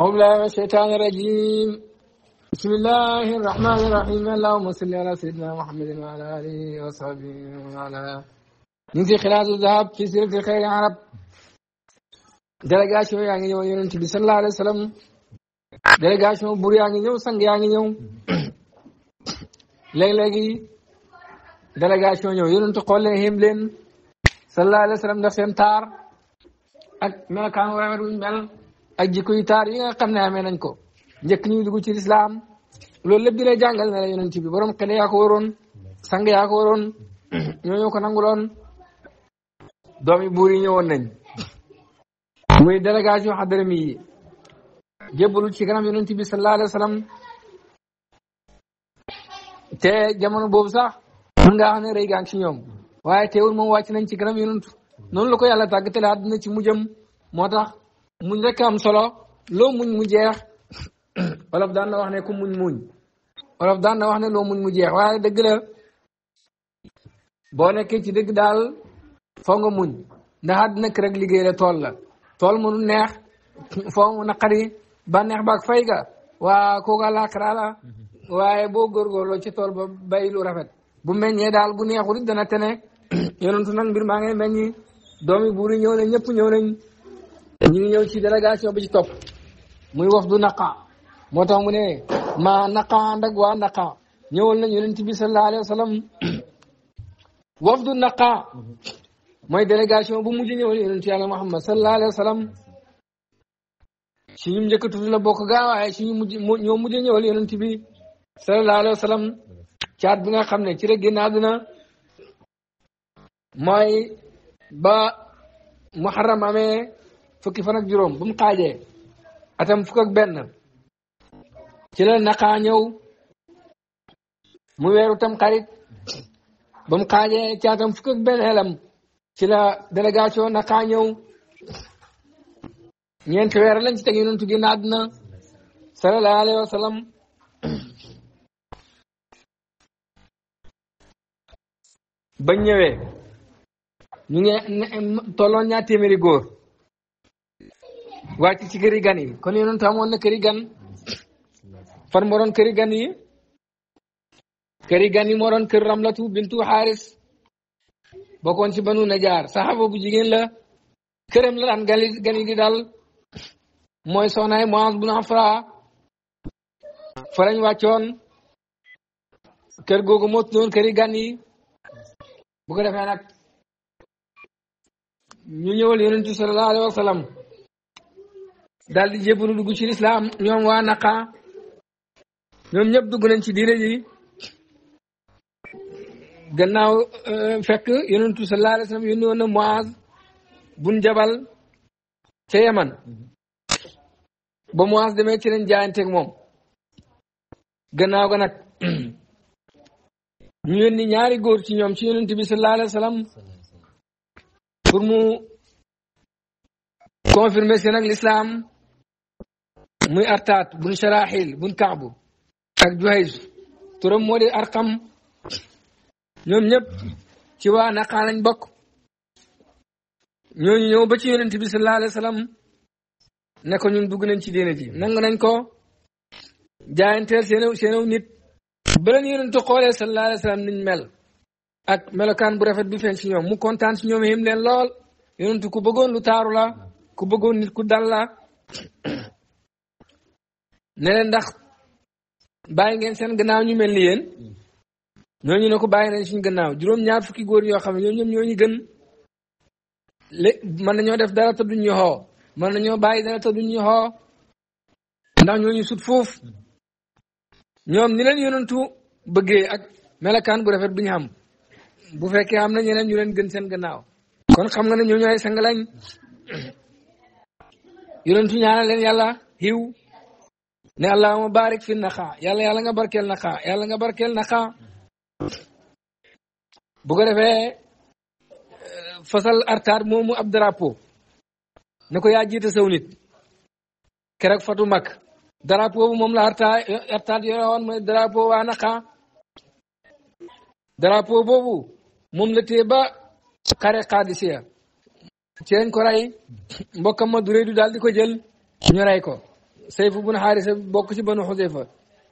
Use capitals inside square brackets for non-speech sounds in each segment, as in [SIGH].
أعوذ بالله من الشيطان الرجيم بسم الله الرحمن الرحيم اللهم صل على سيدنا محمد وعلى آله وصحبه وعلى نزي خلاص الذهب في سيرة الخير يا رب درجة شو يعني يوم يوم تبي صلى الله عليه وسلم درجة شو بري يعني يوم سان يعني يوم لي لي درجة شو يوم يوم تقول لهم لين صلى الله عليه وسلم دخل تار أك ملكان وعمر من ملك ak jikko yu taar yi nga xam ne amee nañ ko njëkk ñuy dugg ci lislaam loolu lépp di la jàngal ne la bi borom xel yaa ko waroon sang yaa ko waroon ñooñu ko nanguloon doomi buur yi ñëwoon muy délégation yi jébbalul ci kanam yonent bi sallallahu alayhi wa sallam te jamono boobu ne rëy ci ñoom waaye teewul moom wàcc nañ ci kanam yonent noonu la ko yàlla ci mujjam moo muñ rek am solo loo muñ mu jeex wolof daan na wax ne ku mu muñ wolof daan wax ne loo mu jeex waaye dëgg la boo nekk ci dëgg daal foo nga muñ ndax àddina kër ak liggéey tool la tool mënu neex foo mu naqari ba neex baag fay ga waa kooku àllaaxira la waaye boo góorgóorloo ci tool ba bay lu rafet bu meññee daal bu neexul dana tene [COUGHS] yonentu nan mbir maa ngay meññi doomi buuri ñëw nañ ñëpp ñëw nañ ñu ngi ñëw ci délégation bi ci topp muy wax du naqa moo tax mu ne maa naqa ànd ak waa naqa ñëwal nañ yonent bi sallallahu alayhi wa sallam [COUGHS] wafdu naqa mooy délégation bu mujj ñëwal yonent yàlla Muhammad sallallahu alayhi wa sallam si ñu njëkk tudd la bokk gaa waaye si bi nga xam ne ci rek génn àdduna mooy ba muharram amee fukki fan juróom bu mu atam fukk ak benn ci la naqaa ñëw mu weeru tam xarit ba mu ci atam fukk benn xelam ci la délégation naqaa ñëw ñeenti weer lañ ci teg yonent gi naat na sallallahu alayhi wa sallam góor wàcc ci këri gan kon yonent amoon na këri gan fan moo këri gan yi këri gan yi moo doon kër Ramlatu bintu Xaaris bokkoon ci banu Najaar saxaaba bu jigéen la këram la daan gan yi di dal mooy soxnaay Muaz bu Afra fa lañ wàccoon kër googu moo tuddoon këri gan bu ko defee nag ñu ñëwal yonentu sallallahu alayhi wa daal di jébbalu dugg ci lislaam ñoom waa naqa ñoom ñëpp dugg nañ ci diine ji gannaaw euh, fekk yonentu sallallahu alayhi wa sallam yónni woon na bun Jabal ca Yaman ba Muaz demee ci lañ jaayanteeg moom gannaaw ga nag ñu yónni ñaari góor ci ñoom ci yonent bi sallallahu wa sallam pour mu confirmer seen ak muy artaat bun sharaaxil bun kaabu ak juhays turam moo di arqam ñoom ñëpp ci waa naqaa bokk ñooñu ñëw ba ci yonent bi sallallahu alayhi wa sallam ne ko ñun dugg nañ ci diine ji nangu nañ ko jaayanteel seen seenaw nit ba leen yonentu xoolee sallallahu alayhi wa sallam niñ mel ak melokaan bu rafet bi feeñ ci ñoom mu kontaan ci ñoom yim leen lool yonentu ku bëggoon lu taaru la ku bëggoon nit ku dal la ne ndax bàyyi ngeen seen gannaaw ñu mel ni yéen ñooñu ne ko bàyyi nañ suñu gannaaw juróom-ñaar fukki góor yoo xam ne ñoo ñoom ñooñu gën lé mën nañoo def dara te duñ ñu xoo mën nañoo bàyyi dara te duñ ñu xoo ndax ñooñu sut foofu ñoom ni leen yonantu bëggee ak melekaan bu rafet bu ñu xam bu fekkee am na ñeneen ñu leen gën seen gannaaw kon xam nga ne ñooñu ay sang lañ yonantu ñaanal leen ne allahuma barik fi naxaa yàlla yàlla nga barkeel naxaa yàlla nga barkeel naxaa bu ko defee eh, fasal artaar moomu ab drapeau ne ko yaa jiite saw nit keroog fatu mag drapo bu moom la artaar artaar yore woon mooy drapeau waa naxaa drapeau boobu moom la téye ba xare xaadisiya ci lañ ko rey ma durée du daal di ko jël ñu ko sayf bun xaarisa bokk ci banu xuseyfa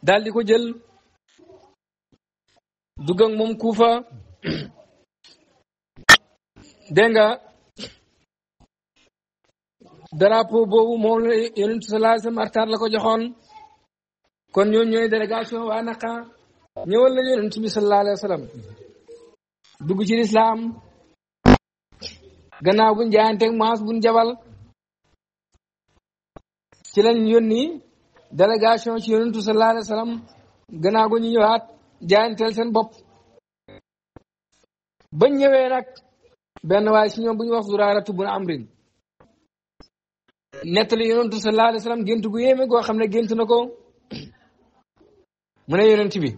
daal di ko jël dugg ak moom kuufa dégg nga drapeau boobu moom la yonent sallallahu alayhi wasallam artaar la ko joxoon kon ñooñu ñooy waa naqa ñëwal la yonent bi sallallahu alayhi wasallam dugg ci lislaam gannaaw buñ jaayanteeg maas buñ jabal ci lañ yónni délégation ci yonentu sallallahu alayhi wa sallam gannaaw gu ñu ñëwaat jaayanteel seen bopp bañ ñëwee nag benn waaye si ñoom bu ñu wax zuraaratu bun amrin nettali yonentu sallallahu alayhi wa sallam gént gu yéeme goo xam ne gént na ko mu ne yonent bi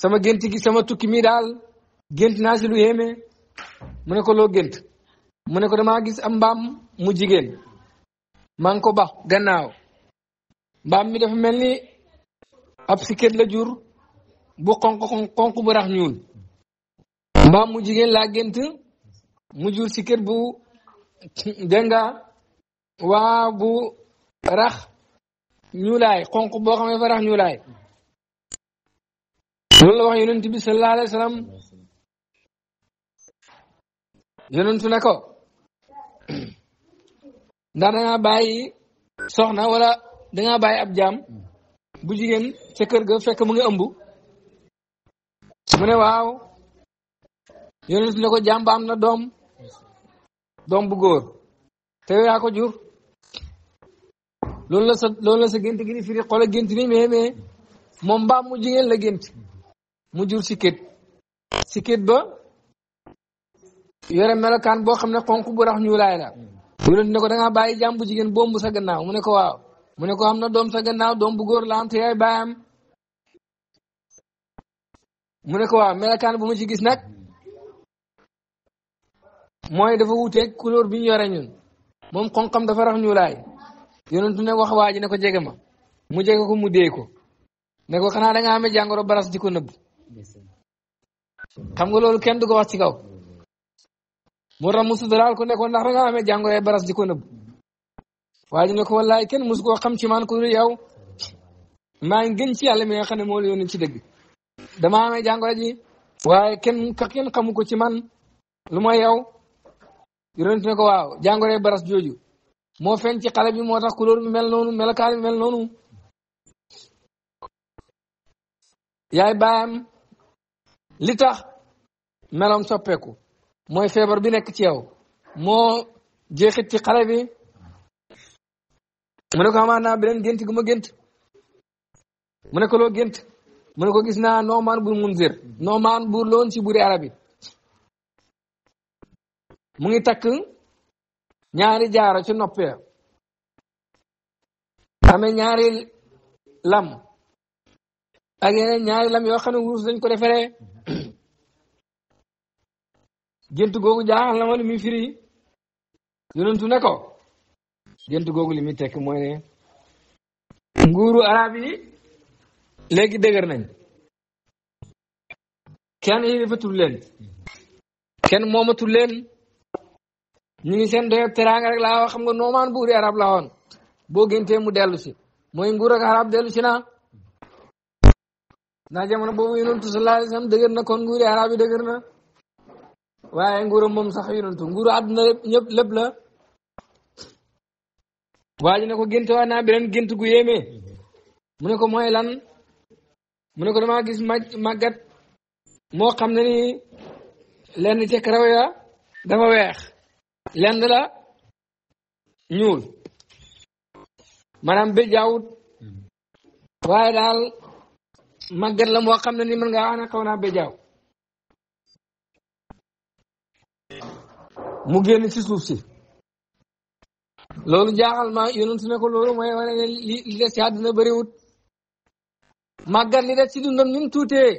sama gént gi sama tukki mi daal gént naa si lu mu ne ko loo gént mu ne ko damaa gis am mbaam mu jigéen maa ba gannaaw mbaam mi dafa mel ni ab sikket la jur bu xonq xonq bu rax ñuul mbaam mu jigéen laa gént mu jur sikket bu denga waa bu rax ñuulaay xonq boo xam ne fa rax ñuulaay loolu wax yonent bi sallallahu wa sallam yonentu ndax dangaa bàyyi soxna wala dangaa bàyyi ab jaam bu jigéen ca kër ga fekk mu ngi ëmb mu ne waaw yonent ne ko jaam am na doom doom bu góor te yaa ko jur loolu la sa loolu gént gi di firi xoola gént ni mais mais moom mbaam mu jigéen la gént mu jur si kët si kët ba yore melokaan boo xam ne xonq bu rax ñuulaay la yonent ne ko da ngaa bàyyi jàmm bu jigéen bombu sa gannaaw mu ne ko waaw mu ne ko am na doom sa gannaaw doom bu góor la am te yaay baayam mu ne ko waaw melakaan bu ma ci gis nag mooy dafa wuteeg couleur bi ñu yore ñun moom xonqam dafa rax ñuulaay yonent ne wax waa ji ne jege ma mu jege ko mu dee ko xanaa da nga amee jàngoro baras di ko nëbb xam nga loolu kenn du ko wax ci kaw moo tax musu dalaal ko nekkoon ndax da nga amee jàngoro baras di ko nëbb ne ko wallaay kenn musu koo xam ci man ku dul yow maa ngi gën ci yàlla mi nga xam ci dëgg damaa amee jàngoro ji waaye kenn kenn xamu ko ci man lu mooy yow ne ko waaw jàngoro baras jooju moo feeñ ci xale bi moo tax couleur bi mel noonu melokaan bi mel noonu yaay baayam li tax meloom soppeeku mooy feebar bi nekk ci yow moo jeexit ci xale bi mu ko xamaa naa beneen gént gu ma gént mu ne ko loo gént mu ko gis naa Noomaan bu Munzir Noomaan bu loon ci buri arab yi mu ngi takk ñaari jaaro ci nopp ya amee ñaari lam ak ñaari lam yoo xam ne dañ ko defaree gént googu jaaxal na ma li muy firi yonentu ne ko gént googu li muy tekk mooy ne nguuru arab léegi dëgër nañ kenn yilifatul leen kenn moomatul leen ñu ngi seen doyo teraanga rek laa wax xam nga noomaan buuri arab la woon boo géntee mu dellu si mooy nguur ak arab dellu si naa jamono boobu yonentu sallallahu alayhi wasallam dëgër na kon nguuri arab yi dëgër na waye nguuram mom sax yonantu nguru aduna ñep lepp la waji ne ko gént waa naa beneen gént gu yeme mu ne ko moy lan mu ne ko dama gis magat mo xamna ni lenn ci karaw ya dama wex lenn la ñuul manam be jawut mm-hmm. waye dal magat la mo xamna ni man nga ana be mu génn ci suuf si loolu jaaxal ma yonent ne ko loolu mooy wane li li des ci àdduna bëriwut màggat li des ci dundam ni tuutee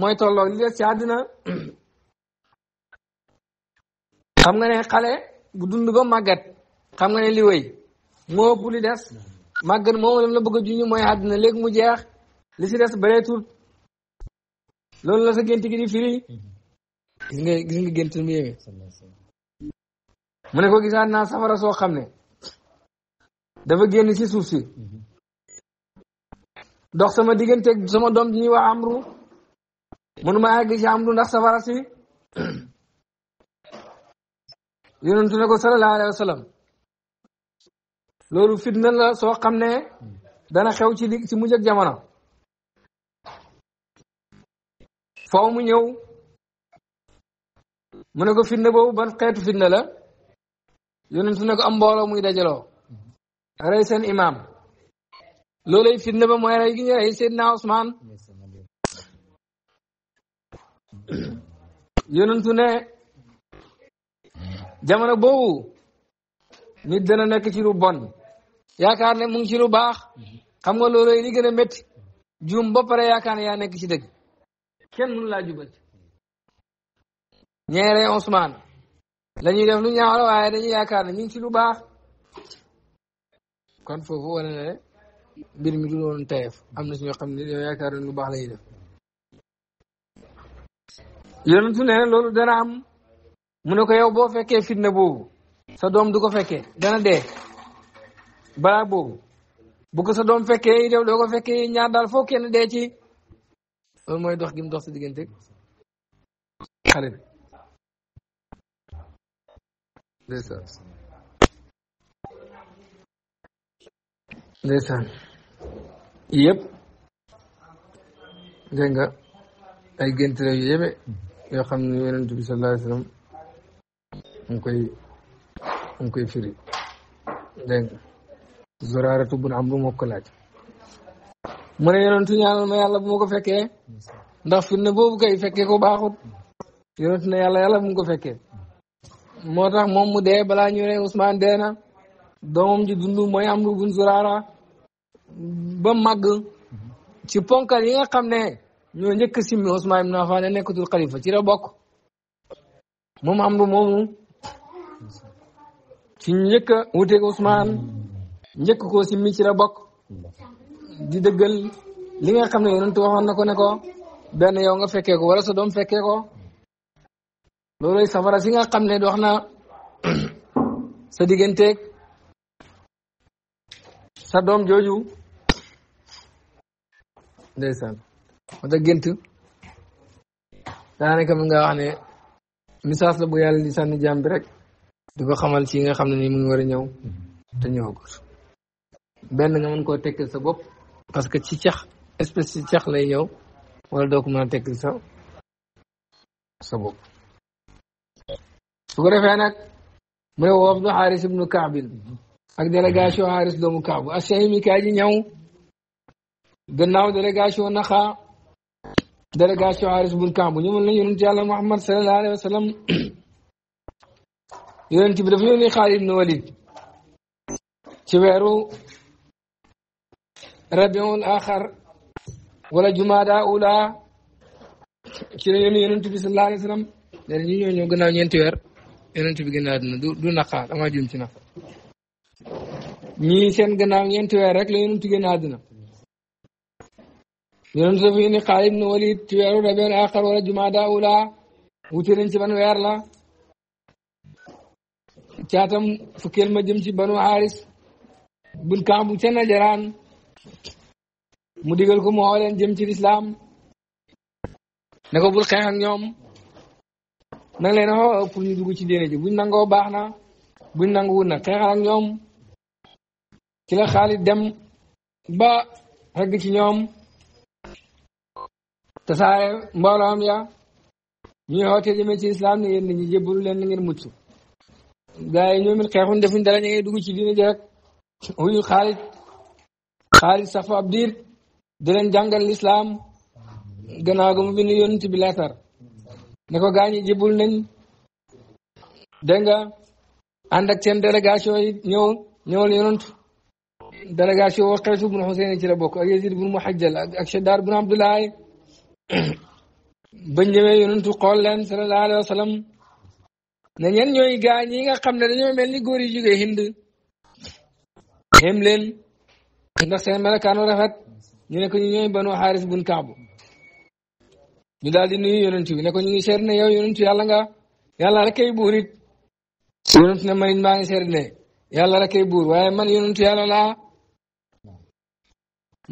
mooy tolloog li des ci àdduna xam nga ne xale bu dund ba màggat xam nga ne li wéy moo ëpp li des màggat moom lam la bëgg a junj mooy àdduna léegi mu jeex li si des bëreetul loolu la sa gént gi di firi gis nga gis mu yéeme mu ne ko gisaat naa safara soo xam ne dafa génn ci suuf si dox sama digganteeg sama doom ji ñuy wax amru mënuma àgg ci amru ndax safara si yonentu ne ko sallallahu alayhi wa sallam loolu fitna la soo xam ne dana xew ci li ci mujj ak jamono faw mu ñëw mu ne ko fitna boobu ban xeetu fitna la yonentu ne ko am mbooloo muy dajaloo rey seen imaam loolay fitna ba mooy rey gi ñu rey Seydina Ousmane yonentu ne jamono boobu nit dana nekk ci lu bon yaakaar ne mu ngi ci lu baax xam nga loolay li gën a métti juum ba pare yaakaar ne yaa nekk ci dëgg kenn mënu laa jubal ñeere Ousmane lañuy def lu ñaaw la waaye dañuy yaakaar na ñu ngi ci lu baax kon foofu wane na ne mbir mi du doon tayef am na si ñoo xam ne yow yaakaar ne lu baax la ñuy def yonentu ne loolu dana am mu ne ko yow boo fekkee fitna boobu sa doom du ko fekkee dana dee balaa boobu bu ko sa doom fekkee yi def doo ko fekkee ñaar daal foo kenn dee ci loolu mooy dox gi dox si diggante xarit ndeysaan ndeysaan yëpp dégg ay gént la yu yoo xam ne yonent bi sallallahu alayhi wasallam koy mu koy firi dégg nga Zuraaratu bun Amru moo ko laaj mu ne yonentu ñaanal ma yàlla bu ma ko fekkee ndax firnde boobu kay fekkee ko baaxut yonentu ne yàlla yàlla bu mu ko fekkee moo tax moom mu dee balaa ñu ne Ousmane dee na mooy am lu bun zuraara ba màgg ci ponka yi nga xam ne ñoo njëkk simmi Ousmane ibn Affan ne nekkatul xalifa ci la bokk moom am moomu ci njëkk a wuteeg Ousmane njëkk koo simmi ci la bokk di dëggal li nga xam ne yonentu waxoon na ko ne ko benn yow nga fekkee ko wala sa doom fekkee ko looloy safara si nga xam ne wax na [CLEARS THROAT] sa digganteeg sa doom jooju ndeysaan moo tax gént daanaka mën nga wax ne message la bu yàlla di sànni jaam rek di ko xamal ci nga xam ne nii mu ngi war a ñëw te ñëwagul benn nga mën koo tekkil sa bopp parce que ci cax espèce ci cax lay ñëw wala doo ko tekkil sa sa bopp su ko defee nag mu ne wafdu xaaris ibnu kaabin ak délégation xaaris doomu kaabu ashaimi kaa ji ñëw gannaaw délégation naxa délégation xaaris ibnu kaabu ñëwal nañ yonent yàlla muhammad sallallahu alayhi wa sallam yonent bi dafa yónni Xaalid ibnu Walid ci weeru rabiul axar wala jumaada ula ci la yónni yonent bi sallallahu alayhi wa sallam léegi ñu ñëw ñëw gannaaw ñeenti weer yonent bi gën a àdduna du du naqaar dama jum ci naqaar ñii seen gannaaw rek la yonent gën a àdduna yonent dafa indi Xaalid ibn Walid ci weeru rabiul aaxir wala jumaada ula wuti nañ ci ban weer caatam fukkeel ma jëm banu xaaris bun kambu ca najaraan mu digal ko mu xooleen jëm ci lislaam ne ko bul nang leen xoo pour ñu dugg ci diine ji buñ nangoo baax na buñ nanguwu na xeexal ak ñoom ci la dem ba xegg ci ñoom tasaare mbooloom ya ñuy xoote jëmee ci islam ne yéen nit ñi leen na ngeen mucc gaa yi ñoom it dara ñu ngay dugg ci diine ji rek wuyu Xaalid Xaalid sax diir di leen jàngal lislaam gannaaw ga mu bind yonent bi leetar ne ko gaañi jibul nañ dégg nga ànd ak seen délégation yi ñëw ñëwal yonantu délégation wa xeesu bun Xuseyn ci la bokk ak Yazid bun Muhajjal ak Shaddaad bun Abdoulaye [COUGHS] bañ ñëwee yonantu xool leen sallallahu alayhi wa sallam ñen ñooy gaañ yi nga xam ne dañoo mel ni góor yi jógee Hind xém leen ndax seen melokaanu rafet ñu ne ko ñu ñooy banu Xaaris bun Kaabu ñu daal di nuyu yonent bi ne ko ñu ngi seet ne yow yonent yàlla nga yàlla rek kay buur it yonent ne man maa ngi seet ne yàlla rek kay buur waaye man yonent yàlla laa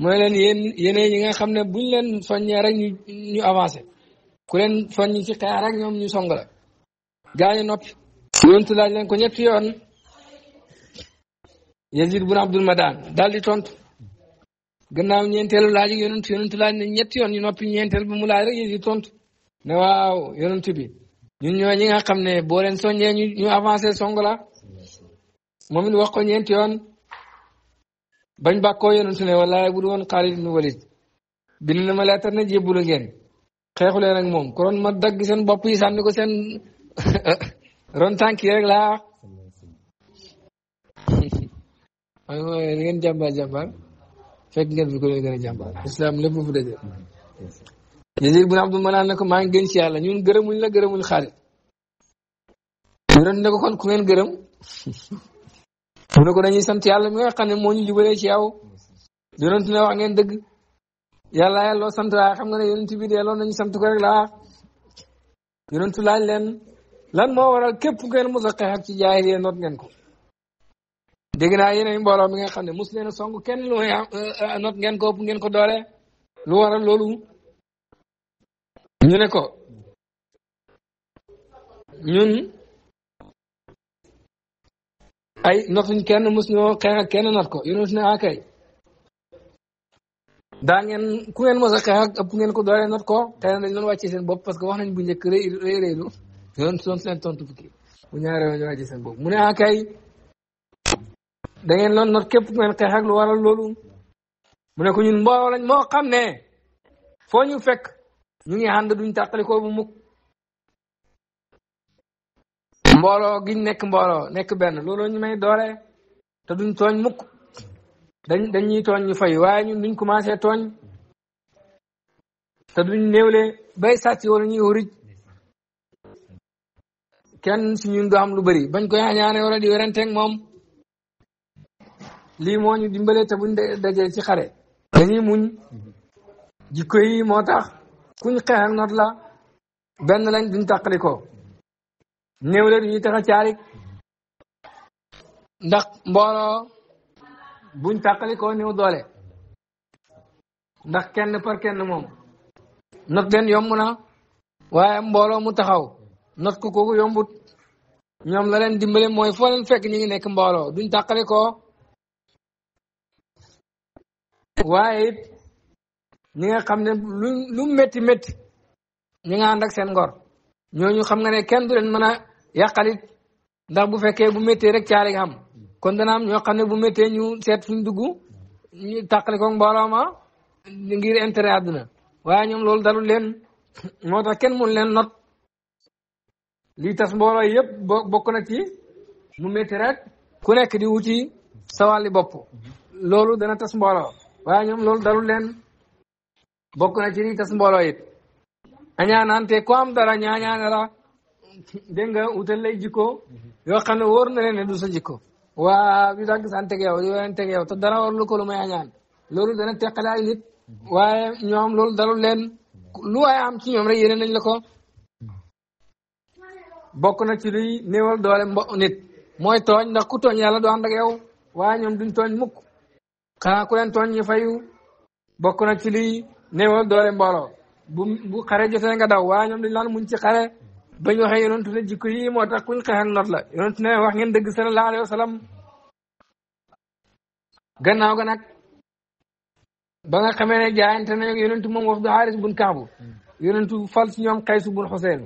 mooy leen yéen yeneen ñi nga xam ne buñ leen soññee rek ñu ñu avancé ku leen soññ ci xeex rek ñu song la gaañu noppi yonent laaj leen ko ñetti yoon Yazid bun Abdul Madan daal di tontu gannaaw ñeenteelu laa ak yonent yonent laaj ne ñetti yoon ñu noppi ñeenteel bi mu laaj rek yéen tontu ne waaw yonent bi ñun ñoo ñi nga xam ne boo leen soññee ñu ñu avancé song la moom wax ko ñeenti yoon bañ bàkkoo yonent ne wallaahi bu du woon Xaalid ibn Walid na ma leetar ne jébbalu ngeen xeexu leen ak ma dagg seen bopp yi sànni ko seen [LAUGHS] ron tànk yi rek laa. [LAUGHS] waaw ngeen jàmbaar jàmbaar. fekk ngeen fi ko leen gën a jàmbaar islam lépp fu daje Yaziid bu Abdul Manaan ne maa ngi gën ci yàlla ñun gërëmuñ la gërëmuñ Xaalid yonent ne ko kon ku ngeen gërëm mu ne ko dañuy sant yàlla mi nga xam ne moo ñu jubalee ci yow yonent ne wax ngeen dëgg yàlla yàlla sant waaye xam nga ne yonent bi delloo nañu sant ko rek laa leen lan moo waral képp ngeen mos a ci ak yeen jaahiliya noot ngeen ko dégg naa yeneen mbooloo mi nga xam ne mos leen a song kenn lu may euh, euh, not ngeen ko ëpp ngeen ko doole lu waral loolu ñu ne ko ñun ay notuñ kenn mos ñoo kenn not ko yéen ne ah kay daa ngeen ku ngeen mos a xeex ngeen ko doole not ko xëy na dañ doon wàccee seen bopp parce que wax nañ bu njëkk rëy rëy rëylu yoon soon seen tontu fukki bu ñaaree ñu wàccee seen bopp mu ne ah kay da ngeen noon not képp ngeen xeex ak lu waral loolu mu ne ñun mbooloo moo xam ne foo ñu fekk ñu ngi ànd duñ tàqalikoo bu mukk mbooloo giñ nekk mbooloo nekk benn looloo ñu may doole te duñ tooñ mukk dañ dañuy tooñ ñu fay waaye ñun duñ commencé tooñ te duñ néewle bay sàcc wala ñuy wërij kenn si ñun du am lu bëri bañ ko ñaañaane wala di werante moom lii moo ñu dimbalee te buñ dajee ci xare dañuy muñ jikko yi moo tax kuñ xeexal not la benn lañ duñ tàqali ko néew la duñuy tax a caarik ndax mbooloo buñ tàqali ko doole ndax kenn par kenn moom not leen yomb na waaye mbooloo mu taxaw not ko kooku yombut ñoom la leen dimbale mooy foo leen fekk ñu ngi nekk mbooloo duñ tàqali ko waaye it ñi nga xam ne lu lu métti métti nga ànd ak seen ngor ñoo ñu xam nga ne kenn du leen mën a yàqalit ndax bu fekkee bu méttee rek caare gi xam kon dana am ñoo xam ne bu méttee ñu seet fuñ dugg ñu tàqali ko mbooloo ma ngir intérêt àdduna waaye ñoom loolu dalul leen moo tax kenn mun leen not lii tas mbooloo yëpp bokk na ci mu métti rek ku nekk di wuti sa wàlli bopp loolu dana tas mbooloo waaye ñoom loolu dalul leen bokk na ci li tas mbooloo it añaanante ko am dara ñaañaane la dégg nga utal lay jikko yoo xam ne wóor na leen ne du jikko waa bi dagg santeg yow di ween te dara warlu ko lu may añaan loolu dana teqale ay nit waaye ñoom loolu dalul leen lu waaye am ci ñoom rek yéene nañ la bokk na ci luy néewal doole mbo nit mooy tooñ ndax ku tooñ yàlla du ànd ak waaye ñoom duñ tooñ mukk xanaa ku leen tooñ ñu fayu bokk na ci lii néewal doole mbooloo bu bu xare jotee nga daw waaye ñoom dañu laan muñ ci xare bañ waxee yonentu ne jikko yi moo tax kuñ xeex ak not la ne wax ngeen dëgg sallallahu alayhi gannaaw ga nag ba nga xamee ne jaayante nañu yonentu moom wax du xaaris bun kaabu yonentu fal ci ñoom xaysu bun xuseen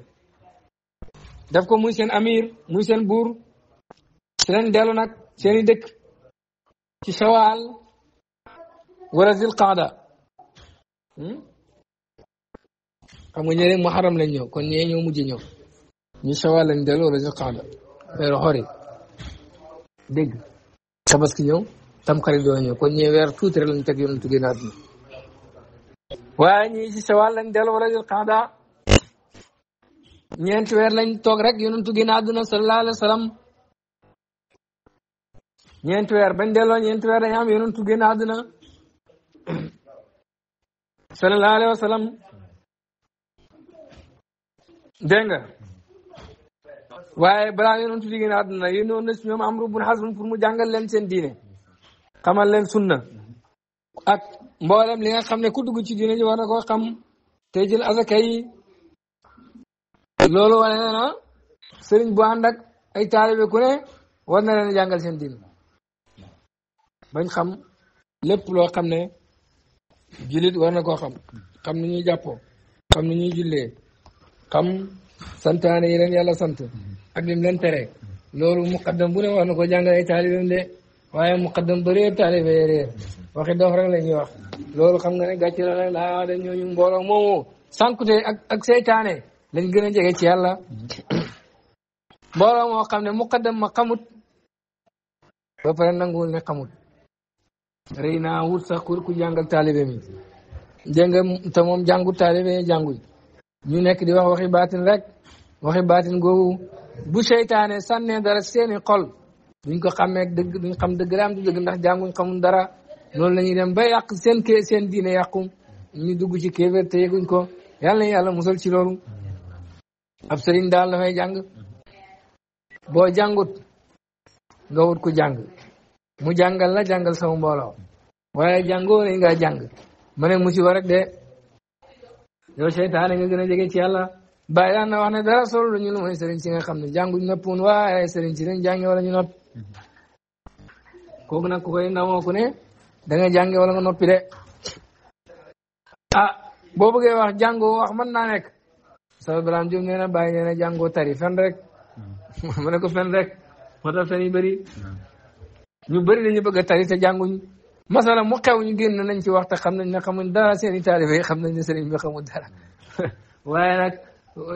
daf ko muy seen amir muy seen buur ci dellu nag seeni dëkk ci sawaal wala zil qaada hmm? xam nga ñeneen muharram lañ kon ñee ñoo mujj ñëw ñu shawal lañ dellu wala zil qaada weeru xor yi dégg tabaski ñëw tamxarit doo ñëw kon ñee weer tuuti rek lañ teg yoonu tuggee naat bi waaye ñii si shawal lañ dellu wala zil qaada ñeenti weer lañ toog rek yonentu génn àdduna sallallahu alayhi wa sallam weer bañ delloo ñeenti weer dañ am yonentu génn sallallahu alayhi wa sallam waaye balaa yonent bi génn àdduna yéen ñoo ne si Amru bun Hazm pour mu jàngal leen seen diine xamal leen sunna ak mboolem li nga xam ne ku dugg ci diine ji war na koo xam te jël azaka yi loolu wane na na bu ànd ay taalibe ku ne war na leen jàngal seen diine bañ xam lépp loo xam ne jullit war na ko xam xam ni ñuy jàppoo xam ni ñuy jullee xam santaane yi leen yàlla sant ak lim leen tere loolu muqaddam bu ne wax na ko jàngal ay taalibam de waaye muqaddam ba réer taalibe yi réer waxi la ñuy wax loolu xam nga ne gàcce la rek laa ah, da ñooñu mbooloo moomu sànkute ak ak seytaane lañ gën a jege ci yàlla mbooloo moo xam ne muqaddam ma xamut ba pare nanguwul ne xamut rëy naa wut sax kur ku jàngal taalibe mi dégg nga te moom jàngut taalibe jànguñ ñu nekk di wax waxi baatin rek waxi baatin googu bu seytaane sànnee dara seeni xol duñ ko xamee dëgg duñ xam dëgg raam du dëgg ndax jànguñ xamul dara noonu la dem ba yàq seen kii seen diine yàqum ñu dugg ci kéeféer te yëguñ ko yàlla na yàlla musal ci loolu ab sëriñ daal dafay jàng boo jàngut nga wut ku jàng mu jàngal la jàngal sama mbooloo waaye jàngoo nañ ngaa jàng ma ne musiba rek de yow seytaane nga ci yàlla bàyyi daan na wax ne dara solo la ñu lu mooy sëriñ nga xam ne jànguñ noppuun waaye sëriñ si dañ jànge wala ñu noppi kooku nag ku koy ndamoo ku wala nga noppi ah, wax jàngoo wax mën naa nekk saba bilaam jum nee na bàyyi nee na jàngoo tari fen rek hmm. [LAUGHS] ma ne fen rek moo tax fen yi bëri hmm. ñu bëri dañu bëgg a tari te jànguñu masala mu xew ñu génn nañ ci waxta xam nañ ne xamuñ dara seen i taalibe xam nañ ne sëriñ bi xamul dara [LAUGHS] waaye nag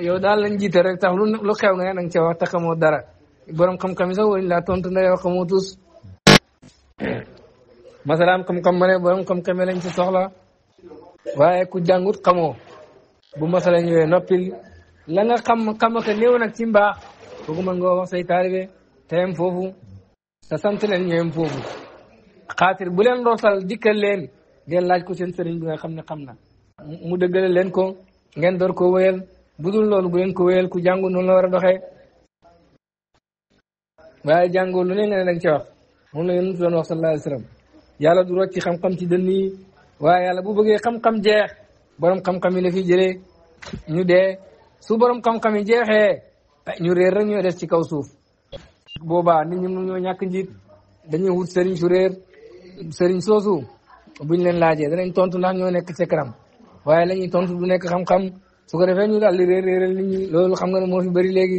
yow daal lañ jiite rek tax lu lu xew nga ne da nga ca waxta xamoo dara borom xam-xam yi sax wala laa tontu na [COUGHS] xam-xam ma ne borom xam lañ ci soxla waaye ku jàngut xamoo bu masala ñëwee noppil la nga xam xam ak néew nag ci mbaax kooku mën nga wax say foofu te sant leen ñoom foofu xaatir bu leen roosal dikkal leen ngeen laaj ko seen sëriñ bi nga xam ne xam na mu dëggale leen ko ngeen door ko wéyal bu dul loolu bu leen ko wéyal ku jàngu noonu la war a doxee waaye jàngoo lu ne nga ne danga ci wax moom la yonent doon wax sallallahu alayhi wa sallam yàlla du rocc xam-xam ci dënn yi waaye yàlla bu bëggee xam-xam jeex borom xam-xam yi la fi jëlee ñu dee su borom xam-xam yi jeexee ñu réer rek ñoo des ci kaw suuf boobaa nit ñi mun ñoo ñàkk njiit dañuy wut sëriñ su réer sëriñ soosu buñ leen laajee danañ tontu ndax ñoo nekk ca kanam waaye la ñuy tontu du nekk xam-xam su ko ñu daal di réer réeral loolu xam nga ne moo fi bëri léegi.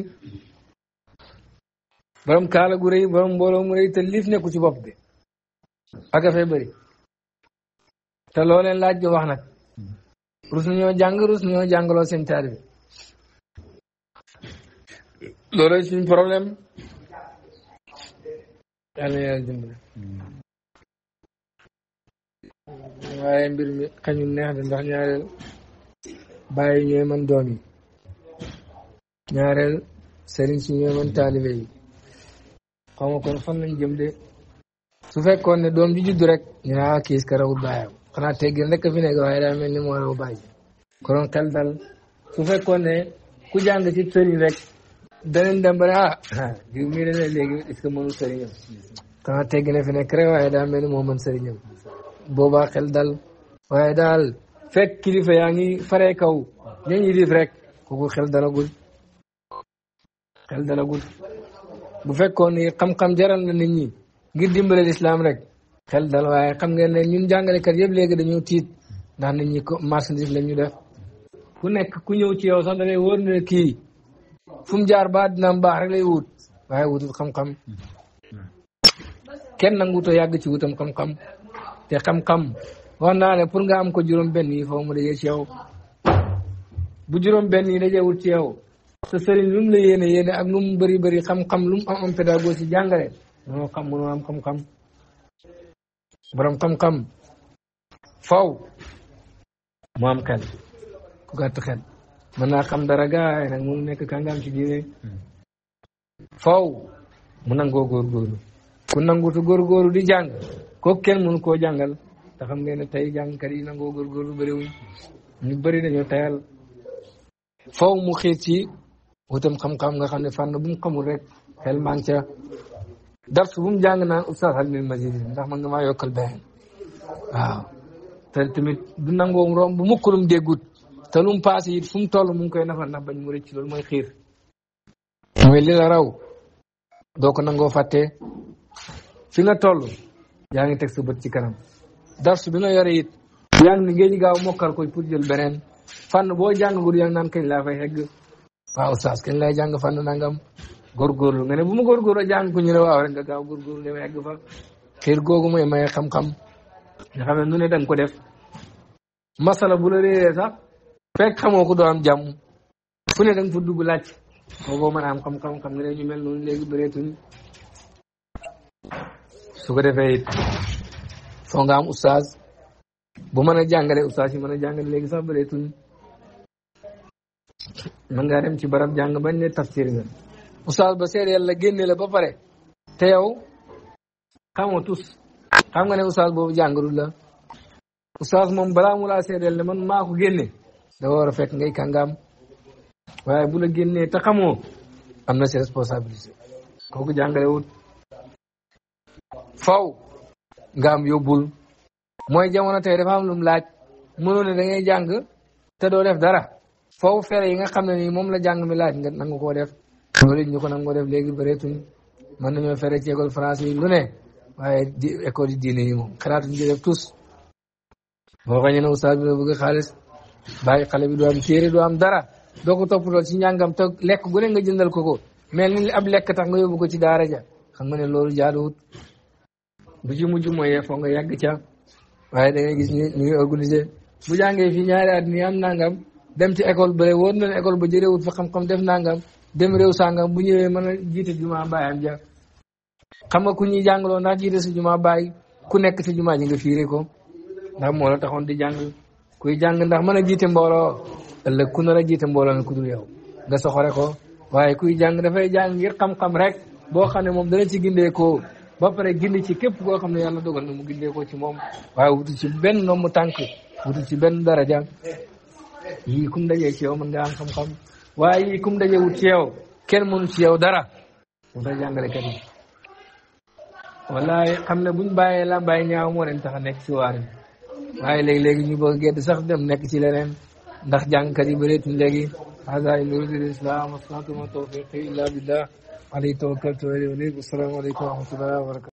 borom kaala gu rëy borom mbooloo mu te liif nekku ci bopp bi ak affaire bëri te loo leen laaj jo wax nag rus nañoo jàng rus nañoo jàngaloo seen taalibe loolu suñ problème. yàlla na yàlla dimbali hmm. mbir mi xañu neex de ndax ñaareel bàyyi ñooy man doom ñaareel sëriñ si ñooy man taalibe yi fan lañ jëm su fekkoon ne doom ju juddu rek ñu ne ah, kiis ka rawul bàyyam xanaa rek fi nekk waaye daa mel ni moo raw bàyyi konoon xel dal su fekkoon ku jàng ci sëriñ rek danañ dem ba ne ah jiw mii la léegi est ce que mënul sëriñam temps tegg fi nekk rek waaye daa mel ni moo mën sëriñam boobaa xel dal waaye daal fekk kilifa yaa ngi faree kaw ñañ yilif rek kooku xel dalagul xel dalagul bu fekkoon ni xam jaral na nit ñi ngir dimbale lislaam rek xel dal waaye xam ngeen ne ñun jàngalekat yëpp léegi dañoo tiit ndax nit ñi ko marchandise lañ ñu def ku nekk ku ñëw ci yow sax da ngay ne kii fu mu jaar ba dinaam baax rek lay wut waaye wutul xam-xam kenn nanguto yàgg ci wutam xam-xam te xam-xam wax naa ne pour nga am ko juróom benn yi foofu mu ci yow bu juróom yi dajee wut ci yow sa sëriñ lu mu la yéene yéene ak lu mu bëri bëri xam-xam lu mu am am pédagogie si jàngale am mu am xel ku gàtt xel mën na xam dara gaay nag mu nekk kàngaam ci diine hmm. faw mu nangoo góorgóorlu ku nangutu góorgóorlu di jàng ko kenn mënu koo jàngal te xam ngeen ne tey jàngkat yi nangoo góorgóorlu bëriwuñ ñu bëri dañoo tayal faw mu xiit ci wutam xam-xam nga xam ne fànn bu mu xamul rek xel maa ngi ca darsu bu mu jàng naan ma Alioune Mazide ndax man nga maa yokkal beneen waaw te tamit du nangoo romb bu mukkulum déggut te lu mu paase it fu mu toll mu koy nafar na bañ mu rëcc loolu mooy xiir mooy li la raw doo ko nangoo fàtte fi nga toll yaa ngi teg sa bët ci kanam darsu bi nga yore it yaa ngi ni ngeen gaaw mokkal ko pour jël beneen fànn boo jàngagul yaa ngi naan kañ laa fay egg waaw saas kañ laay jàng fànn nangam góorgóorlu nga ne bu ma góorgóorlu jàng ko ñu ne waaw rek nga gaaw góorgóorlu dem egg fa xiir googu mooy maye xam-xam nga xam ne nu ne danga ko def masala bu fekk xamoo ko doo am jàmm fu ne da nga fa dugg laaj booboo mën a am xam-xam xam ñu mel noonu léegi bëreetuñ su ko defee it foo nga bu mën a jàngale oustaz yi mën a jàngale léegi sax mën ngaa dem ci barab jàng bañ ne tafsir nga oustaz ba seet yàlla génne la ba pare te yow xamoo tus xam nga ne oustaz boobu la oustaz moom balaa mu laa la ne man maa ko dafa war a fekk ngay kàngaam waaye bu la génnee te xamoo am na si responsabilité kooku jàngalewut faw nga am mooy jamono tey dafa am lum laaj mënoo ne da jàng te doo def dara faw fere yi nga xam ne nii moom la jàng mi laaj nga nangu koo def loolu ko def léegi bëreetuñ mën nañoo fere ci école français yi lu ne waaye di école yi diine yi moom xalaatuñ ci def tous boo xañee ne ustaas bi la bëgg xaalis bàyyi xale bi du am téere du am dara doo ko toppatoo ci njàngam te lekk gu ne nga jëndal ko ko mel ni ab lekk tax nga yóbbu ko ci daara ja xam nga ne loolu jaaduwut bu ci mujj mooy nga yàgg ca waaye da gis ni ñu ngi organisé bu jàngee fii ñaari at nii nangam dem ti école ba woon na école ba jëreewut fa xam-xam def nangam dem réew sàngam bu ñëwee mën a jiite jumaa bàyyam ja xam nga ku ñuy jàngaloo naa jiite si jumaa bàyyi ku nekk si jumaa ji nga fiire ko ndax moo la taxoon di jàng kuy jàng ndax mën a jiite mbooloo ëllëg ku nar a jiite mbooloo mi ku dul yow nga soxore ko waaye kuy jàng dafay jàng ngir xam-xam rek boo xam ne moom dana ci gindeekoo ba pare gindi ci képp koo xam ne yàlla dogal na mu gindeekoo ci moom waaye wutu ci benn nommu tànk ci benn daraja yii kum dajee ci yow mën am xam waaye yii kum dajee wut ci yow kenn mënu ci yow dara mu tax jàngalekat yi wallaay xam ne buñ bàyyee la bàyyi ñaaw moo leen tax a nekk ci waar waaye léegi-léegi ñu bëgg gedd sax dem nekk ci leneen ndax jàngkat yi bëreetuñ léegi hada in uridu lislam wastatuma tawfiqi illa billah alayhi tawakkaltu wa ilayhi unib assalaamu aleykum wa rahmatullahi wa barakatu